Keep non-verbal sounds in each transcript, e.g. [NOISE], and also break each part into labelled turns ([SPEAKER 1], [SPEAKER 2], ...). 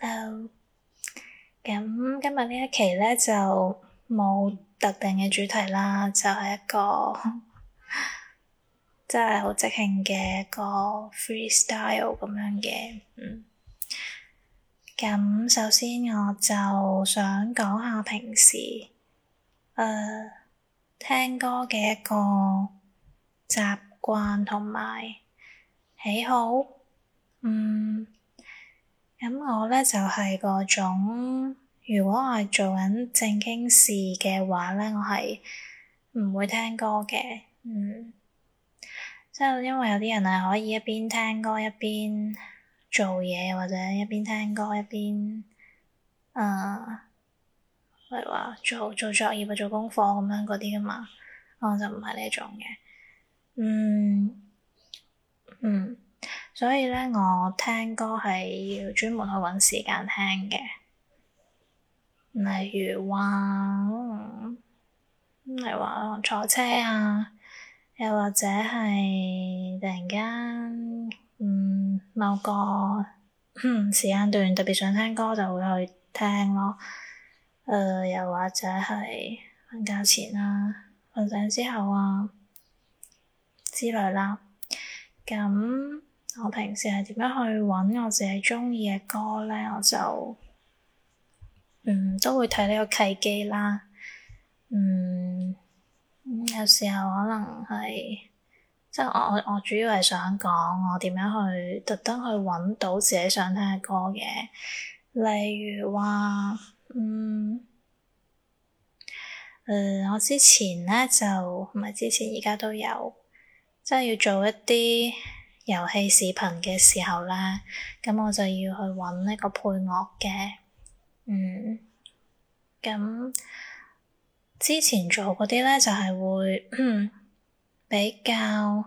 [SPEAKER 1] Hello，咁今日呢一期咧就冇特定嘅主題啦，就係、是、一個 [LAUGHS] 真係好即興嘅一個 freestyle 咁樣嘅。嗯，咁首先我就想講下平時誒、呃、聽歌嘅一個習慣同埋喜好，嗯。咁、嗯、我咧就係、是、嗰種，如果我係做緊正經事嘅話咧，我係唔會聽歌嘅，嗯。即係因為有啲人係可以一邊聽歌一邊做嘢，或者一邊聽歌一邊誒，唔、呃、譬如話做做作業啊、做功課咁樣嗰啲噶嘛，我就唔係呢種嘅，嗯，嗯。所以咧，我聽歌係要專門去搵時間聽嘅，例如話，例如話坐車啊，又或者係突然間，嗯，某個時間段特別想聽歌，就會去聽咯。誒、呃，又或者係瞓覺前啊，瞓醒之後啊，之類啦。咁我平時係點樣去搵我自己鍾意嘅歌呢？我就嗯都會睇呢個契機啦。嗯，有時候可能係即係我我主要係想講我點樣去特登去搵到自己想聽嘅歌嘅，例如話嗯誒、呃，我之前呢，就唔係之前而家都有，即係要做一啲。遊戲視頻嘅時候咧，咁我就要去揾呢個配樂嘅，嗯，咁之前做嗰啲咧就係會比較，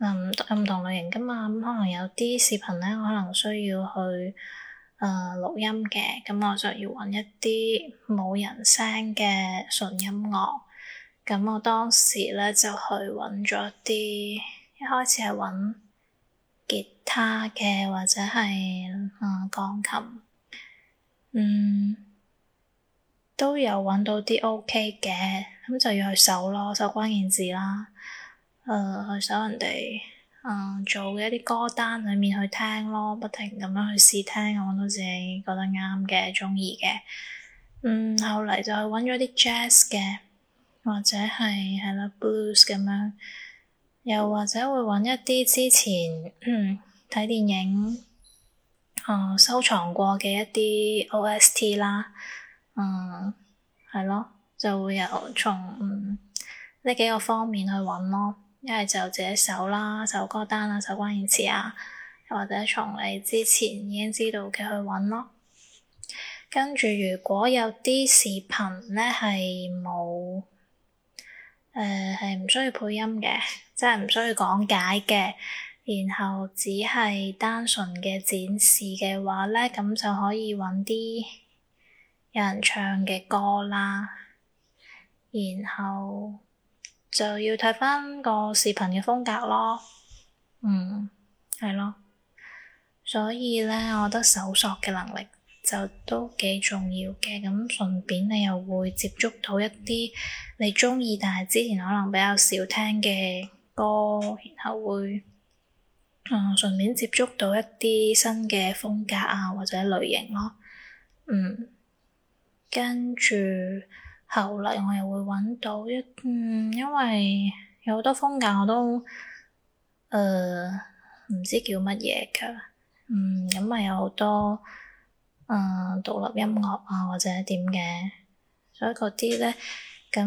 [SPEAKER 1] 嗯，唔同類型噶嘛。咁、嗯、可能有啲視頻咧，我可能需要去誒錄、呃、音嘅，咁我就要揾一啲冇人聲嘅純音樂。咁我當時咧就去揾咗啲。一開始係搵吉他嘅，或者係嗯，鋼琴，嗯都有搵到啲 OK 嘅，咁就要去搜咯，搜關鍵字啦，誒、呃、去搜人哋嗯、呃、做嘅一啲歌單裏面去聽咯，不停咁樣去試聽，搵到自己覺得啱嘅，中意嘅。嗯，後嚟就搵咗啲 jazz 嘅，或者係係啦 blues 咁樣。又或者會揾一啲之前睇電影，誒、啊、收藏過嘅一啲 O.S.T 啦，嗯係咯，就會由從呢、嗯、幾個方面去揾咯。一係就自己搜啦，搜歌單啊，搜關鍵詞啊，又或者從你之前已經知道嘅去揾咯。跟住如果有啲視頻咧係冇。誒，係唔、呃、需要配音嘅，即係唔需要講解嘅，然後只係單純嘅展示嘅話咧，咁就可以揾啲有人唱嘅歌啦。然後就要睇翻個視頻嘅風格咯。嗯，係咯，所以咧，我覺得搜索嘅能力。就都幾重要嘅，咁順便你又會接觸到一啲你中意，但係之前可能比較少聽嘅歌，然後會誒、嗯、順便接觸到一啲新嘅風格啊或者類型咯，嗯，跟住後嚟我又會揾到一嗯，因為有好多風格我都誒唔、呃、知叫乜嘢嘅，嗯，咁咪有好多。誒，嗯、獨立音樂啊，或者點嘅，所以嗰啲咧，咁，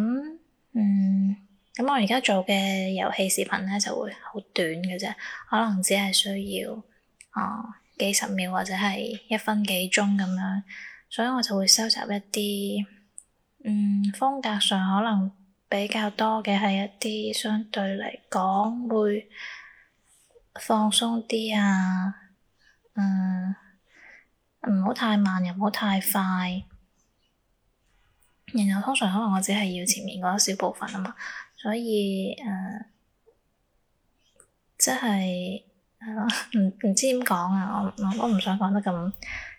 [SPEAKER 1] 嗯，咁我而家做嘅遊戲視頻咧就會好短嘅啫，可能只係需要，啊、嗯，幾十秒或者係一分幾鐘咁樣，所以我就會收集一啲，嗯，風格上可能比較多嘅係一啲相對嚟講會放鬆啲啊，嗯。唔好太慢，又唔好太快。然後通常可能我只係要前面嗰一小部分啊嘛，所以誒、呃，即係係咯，唔、呃、唔知點講啊，我我我唔想講得咁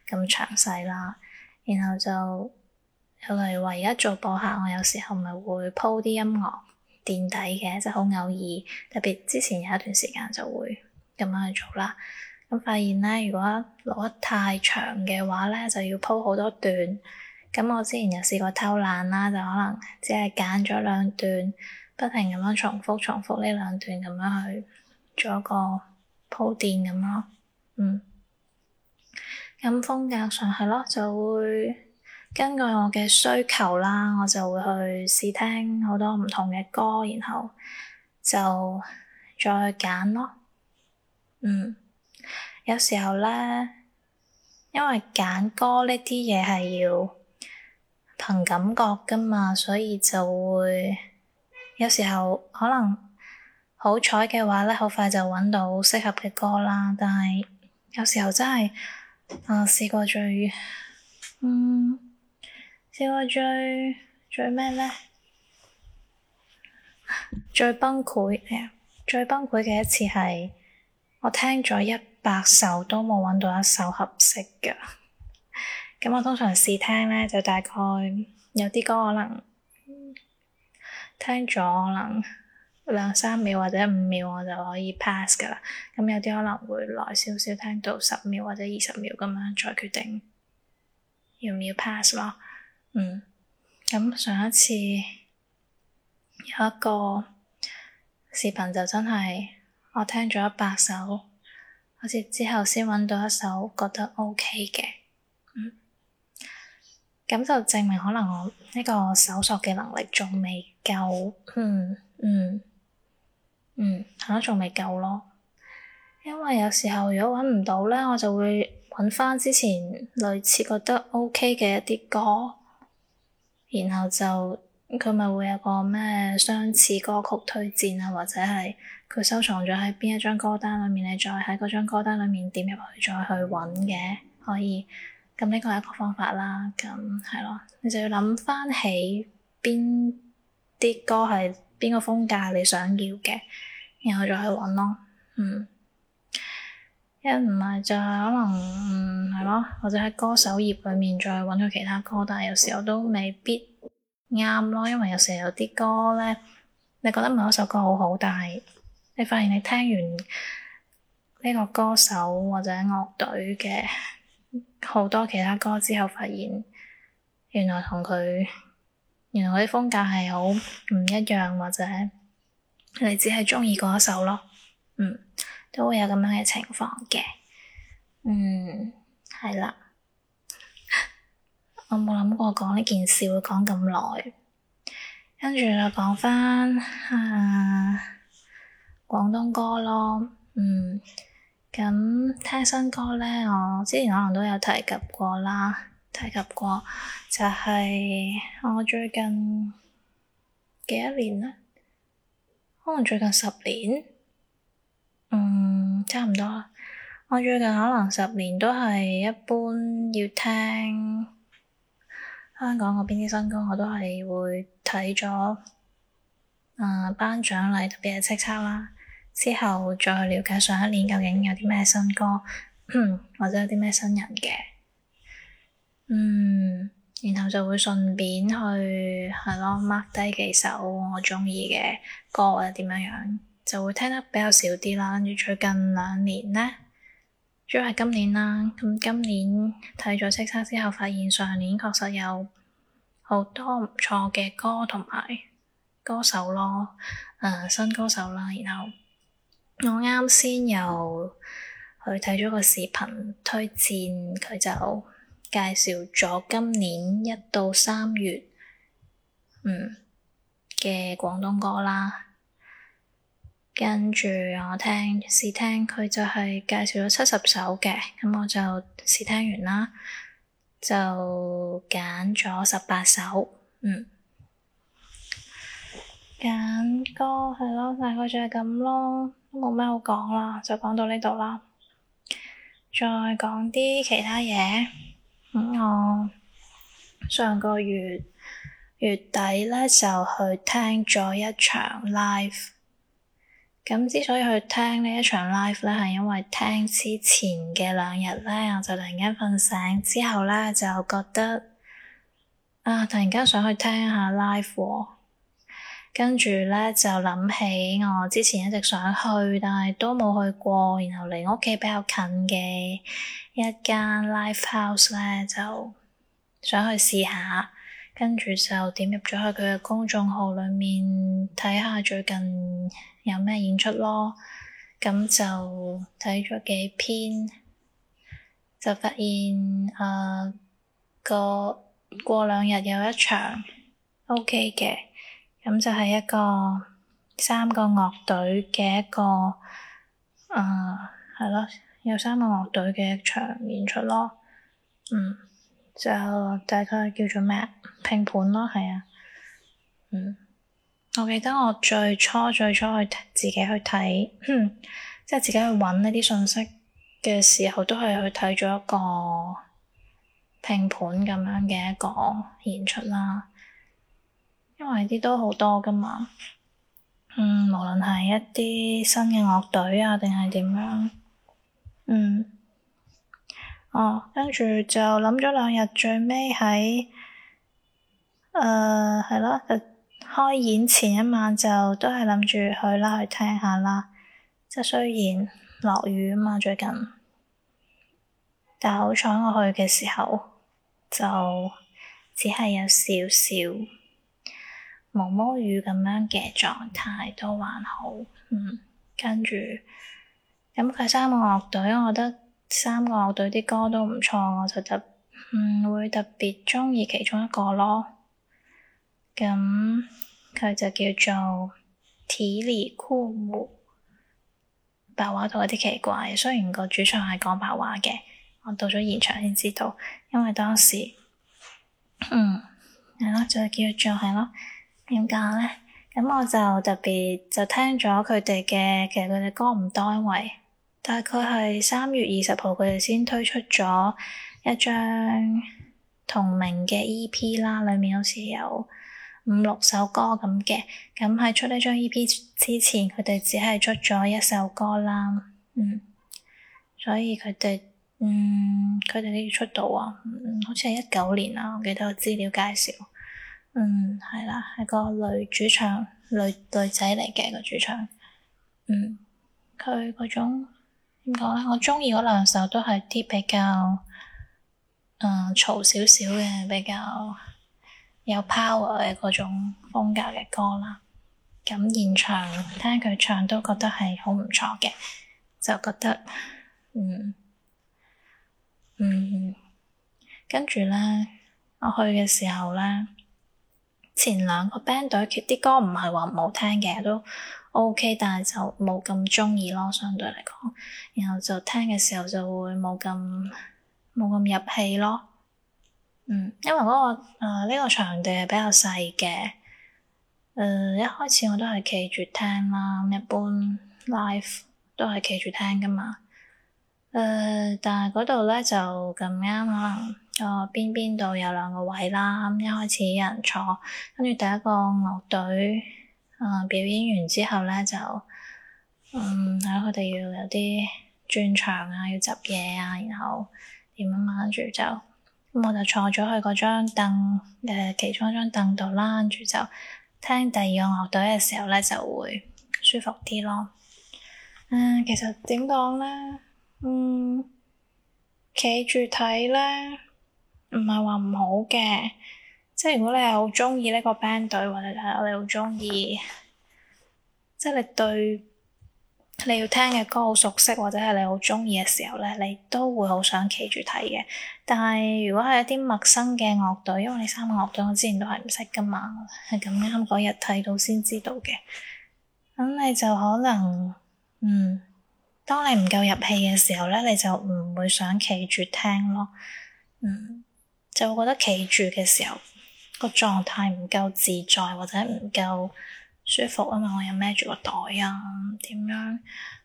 [SPEAKER 1] 咁詳細啦。然後就例如話，而家做播客，我有時候咪會鋪啲音樂墊底嘅，即係好偶爾。特別之前有一段時間就會咁樣去做啦。咁發現咧，如果錄得太長嘅話咧，就要鋪好多段。咁我之前有試過偷懶啦，就可能只係揀咗兩段，不停咁樣重複重複呢兩段咁樣去做一個鋪墊咁咯。嗯，咁風格上係咯，就會根據我嘅需求啦，我就會去試聽好多唔同嘅歌，然後就再去揀咯。嗯。有時候咧，因為揀歌呢啲嘢，係要憑感覺噶嘛，所以就會有時候可能好彩嘅話咧，好快就揾到適合嘅歌啦。但係有時候真係，啊、呃，試過最，嗯，試過最最咩咧？最崩潰，最崩潰嘅一次係我聽咗一百首都冇揾到一首合適嘅，咁 [LAUGHS] 我通常試聽呢，就大概有啲歌可能聽咗可能兩三秒或者五秒我就可以 pass 噶啦，咁 [LAUGHS] 有啲可能會耐少少聽到十秒或者二十秒咁樣再決定要唔要 pass 咯。 [LAUGHS] 嗯，咁上一次有一個視頻就真係我聽咗一百首。後接之後先揾到一首覺得 O K 嘅，嗯，咁就證明可能我呢個搜索嘅能力仲未夠，嗯嗯嗯，係咯、嗯、仲、嗯、未夠咯。因為有時候如果揾唔到咧，我就會揾翻之前類似覺得 O K 嘅一啲歌，然後就佢咪會有個咩相似歌曲推薦啊，或者係。佢收藏咗喺邊一張歌單裏面，你再喺嗰張歌單裏面點入去，再去揾嘅可以。咁呢個係一個方法啦。咁係咯，你就要諗翻起邊啲歌係邊個風格你想要嘅，然後再去揾咯。嗯，一唔係就係可能嗯，係咯，或者喺歌手頁裏面再揾佢其他歌，但係有時候都未必啱咯，因為有時候有啲歌咧，你覺得某一首歌好好，但係～你發現你聽完呢個歌手或者樂隊嘅好多其他歌之後，發現原來同佢原來佢啲風格係好唔一樣，或者你只係中意嗰一首咯。嗯，都會有咁樣嘅情況嘅。嗯，係啦，我冇諗過講呢件事會講咁耐，跟住就講翻啊～廣東歌咯，嗯，咁聽新歌咧，我之前可能都有提及過啦，提及過就係我最近幾一年咧，可能最近十年，嗯，差唔多，我最近可能十年都係一般要聽香港嗰邊啲新歌，我都係會睇咗，誒、嗯，頒獎禮特別係叱咤啦。之後再去了解上一年究竟有啲咩新歌，或者有啲咩新人嘅，嗯，然後就會順便去係咯 mark 低幾首我鍾意嘅歌或者點樣樣，就會聽得比較少啲啦。跟住最近兩年咧，主要係今年啦。咁今年睇咗《叱咤》之後，發現上年確實有好多唔錯嘅歌同埋歌手咯，誒、新歌手啦，然後。我啱先又去睇咗個視頻推薦，佢就介紹咗今年一到三月嗯嘅廣東歌啦。跟住我聽試聽，佢就係介紹咗七十首嘅，咁我就試聽完啦，就揀咗十八首，嗯，揀歌係咯，大概就係咁咯。冇咩好講啦，就講到呢度啦。再講啲其他嘢。嗯，我上個月月底咧就去聽咗一場 live。咁之所以去聽呢一場 live 咧，係因為聽之前嘅兩日咧，我就突然間瞓醒，之後咧就覺得啊，突然間想去聽下 live 喎、哦。跟住咧就諗起我之前一直想去，但係都冇去過，然後離我屋企比較近嘅一間 live house 咧，就想去試下。跟住就點入咗去佢嘅公眾號裏面睇下最近有咩演出咯。咁、嗯、就睇咗幾篇，就發現誒個、呃、過，過兩日有一場 OK 嘅。咁就係一個三個樂隊嘅一個，誒係咯，有三個樂隊嘅一場演出咯，嗯，就大概叫做咩拼盤咯，係啊，嗯，我記得我最初最初去自己去睇，即係、就是、自己去揾呢啲信息嘅時候，都係去睇咗一個拼盤咁樣嘅一個演出啦。因為啲都好多噶嘛，嗯，無論係一啲新嘅樂隊啊，定係點樣，嗯，哦、啊，跟住就諗咗兩日，最尾喺，誒、呃，係咯，開演前一晚就都係諗住去啦，去聽下啦。即係雖然落雨啊嘛，最近，但好彩我去嘅時候就只係有少少。毛毛雨咁樣嘅狀態都還好，嗯，跟住咁佢三個樂隊，我覺得三個樂隊啲歌都唔錯，我就特嗯會特別中意其中一個咯。咁、嗯、佢就叫做提里庫姆，白話讀有啲奇怪，雖然個主唱係講白話嘅，我到咗現場先知道，因為當時嗯係、嗯、咯，就係叫做係咯。點解咧？咁我就特別就聽咗佢哋嘅，其實佢哋歌唔多，因為大概係三月二十號佢哋先推出咗一張同名嘅 E.P. 啦，裏面好似有五六首歌咁嘅。咁喺出呢張 E.P. 之前，佢哋只係出咗一首歌啦，嗯，所以佢哋，嗯，佢哋都要出道啊、嗯？好似係一九年啊，我記得個資料介紹。嗯，係啦，係個女主唱，女女仔嚟嘅個主唱。嗯，佢嗰種點講咧？我中意嗰兩首都係啲比較誒嘈少少嘅，比較有 power 嘅嗰種風格嘅歌啦。咁現場聽佢唱都覺得係好唔錯嘅，就覺得嗯嗯，嗯，跟住咧，我去嘅時候咧。前兩個 band 隊，佢啲歌唔係話唔好聽嘅，都 OK，但係就冇咁鍾意咯，相對嚟講。然後就聽嘅時候就會冇咁冇咁入戲咯。嗯，因為嗰、嗰個呢、呃呢個場地係比較細嘅。誒、呃，一開始我都係企住聽啦，一般 live 都係企住聽噶嘛。誒、呃，但係嗰度咧就咁啱可能。個邊邊度有兩個位啦，咁、嗯、一開始有人坐，跟住第一個樂隊，誒、嗯、表演完之後咧就，嗯，係佢哋要有啲轉場啊，要執嘢啊，然後點啊嘛，跟住就，咁、嗯、我就坐咗去嗰張凳，誒、呃，其中一張凳度啦，跟住就聽第二個樂隊嘅時候咧就會舒服啲咯。嗯，其實點講咧，嗯，企住睇咧。唔係話唔好嘅，即係如果你係好中意呢個 band 隊，或者係你好中意，即係你對你要聽嘅歌好熟悉，或者係你好中意嘅時候咧，你都會好想企住睇嘅。但係如果係一啲陌生嘅樂隊，因為你三個樂隊我之前都係唔識噶嘛，係咁啱嗰日睇到先知道嘅。咁你就可能，嗯，當你唔夠入戲嘅時候咧，你就唔會想企住聽咯，嗯。就會覺得企住嘅時候個狀態唔夠自在或者唔夠舒服啊嘛，因為我又孭住個袋啊，點樣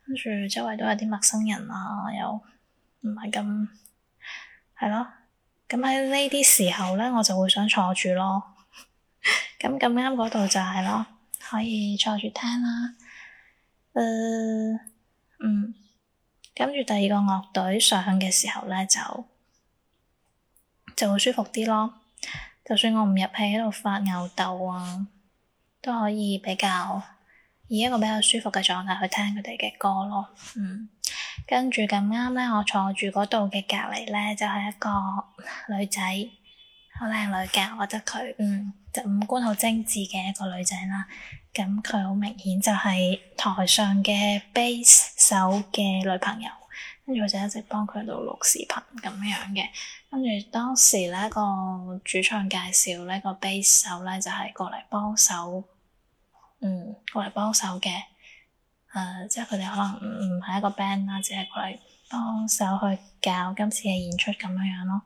[SPEAKER 1] 跟住周圍都有啲陌生人啊，又唔係咁係咯，咁喺呢啲時候咧，我就會想坐住咯。咁咁啱嗰度就係咯，可以坐住聽啦。誒、呃，嗯，跟住第二個樂隊上嘅時候咧就。就會舒服啲咯。就算我唔入戲喺度發吽斗啊，都可以比較以一個比較舒服嘅狀態去聽佢哋嘅歌咯。嗯，跟住咁啱咧，我坐住嗰度嘅隔籬咧就係一個女仔，好靚女嘅，我覺得佢，嗯，就五官好精致嘅一個女仔啦。咁佢好明顯就係台上嘅 base 手嘅女朋友，跟住我就一直幫佢喺度錄視頻咁樣嘅。跟住當時呢個主唱介紹呢個 bass 手呢，就係、是、過嚟幫手，嗯，過嚟幫手嘅，誒、呃、即係佢哋可能唔唔係一個 band 啦，只係過嚟幫手去教今次嘅演出咁樣樣咯。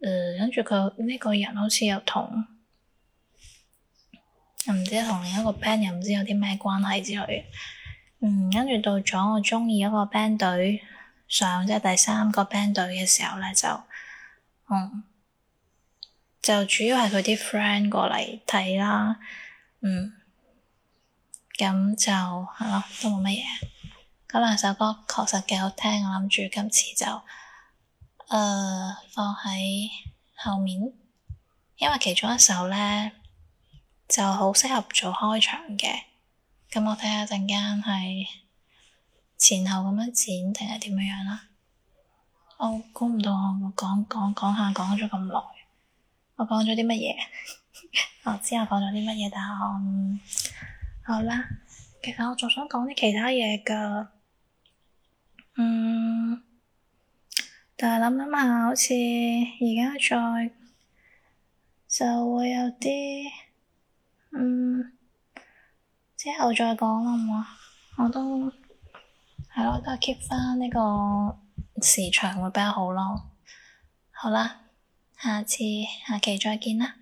[SPEAKER 1] 誒、嗯、跟住佢呢個人好似又同，又唔知同另一個 band 又唔知有啲咩關係之類嘅，嗯，跟住到咗我中意一個 band 隊上即係第三個 band 隊嘅時候呢，就。嗯，就主要係佢啲 friend 過嚟睇啦，嗯，咁就係咯，嗯，都冇乜嘢。咁兩首歌確實幾好聽，我諗住今次就誒，呃，放喺後面，因為其中一首咧就好適合做開場嘅。咁我睇下陣間係前後咁樣剪定係點樣樣啦。我估唔到我講講講下講咗咁耐，我講咗啲乜嘢？我知我講咗啲乜嘢，但係我、嗯、好啦。其實我仲想講啲其他嘢噶，嗯，但係諗諗下，好似而家再就會有啲，嗯，之後再講啦，好唔好啊？我都係咯，嗯、都係 keep 翻呢個。時長會比較好咯，好啦，下次、下期再見啦～